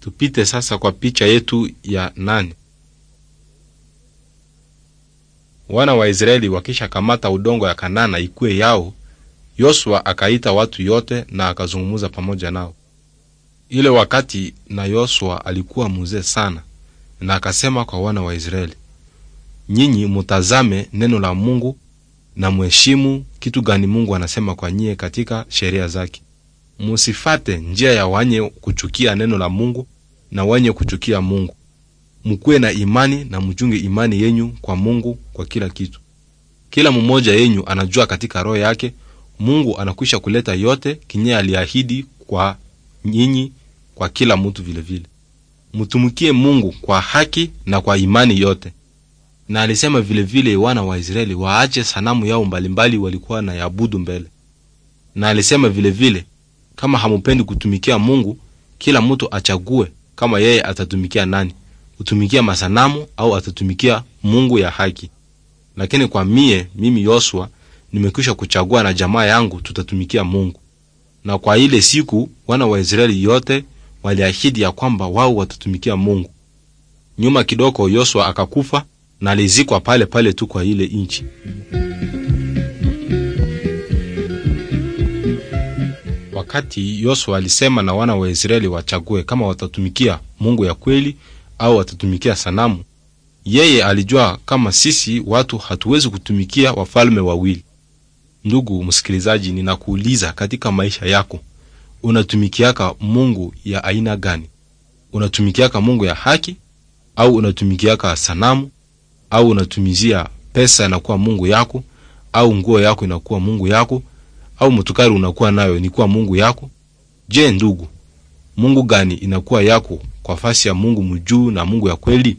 Tupite sasa kwa picha yetu ya nane. Wana wa Israeli kamata udongo ya Kanana ikuwe yao, Yosua akaita watu yote na akazungumuza pamoja nao. Ile wakati na Yosua alikuwa muzee sana, na akasema kwa wana wa Israeli, nyinyi mutazame neno la Mungu na muheshimu kitu gani Mungu anasema kwa nyie katika sheria zake musifate njia ya wanye kuchukia neno la Mungu na wanye kuchukia Mungu. Mukuwe na imani na mchunge imani yenyu kwa Mungu kwa kila kitu. Kila mmoja yenyu anajua katika roho yake Mungu anakwisha kuleta yote kinye aliahidi kwa nyinyi, kwa kila mtu vilevile. Mtumikie Mungu kwa haki na kwa imani yote. Na alisema vilevile wana wa Israeli waache sanamu yao mbalimbali walikuwa na yabudu mbele. Na alisema vilevile kama hamupendi kutumikia Mungu, kila mtu achague kama yeye atatumikia nani, utumikia masanamu au atatumikia Mungu ya haki. Lakini kwa mie, mimi Yosua, nimekwisha kuchagua na jamaa yangu tutatumikia Mungu. Na kwa ile siku wana wa Israeli yote waliahidi ya kwamba wao watatumikia Mungu. Nyuma kidogo Yosua akakufa na alizikwa pale pale tu kwa ile nchi. wakati yosua alisema na wana wa Israeli wachague kama watatumikia Mungu ya kweli au watatumikia sanamu. Yeye alijua kama sisi watu hatuwezi kutumikia wafalme wawili. Ndugu msikilizaji, ninakuuliza katika maisha yako, unatumikiaka Mungu ya aina gani? Unatumikiaka Mungu ya haki au unatumikiaka sanamu? Au unatumizia pesa inakuwa Mungu yako, au nguo yako inakuwa Mungu yako, au mutukari unakuwa nayo ni kuwa Mungu yako? Je, ndugu, Mungu gani inakuwa yako kwa fasi ya Mungu mjuu na Mungu ya kweli?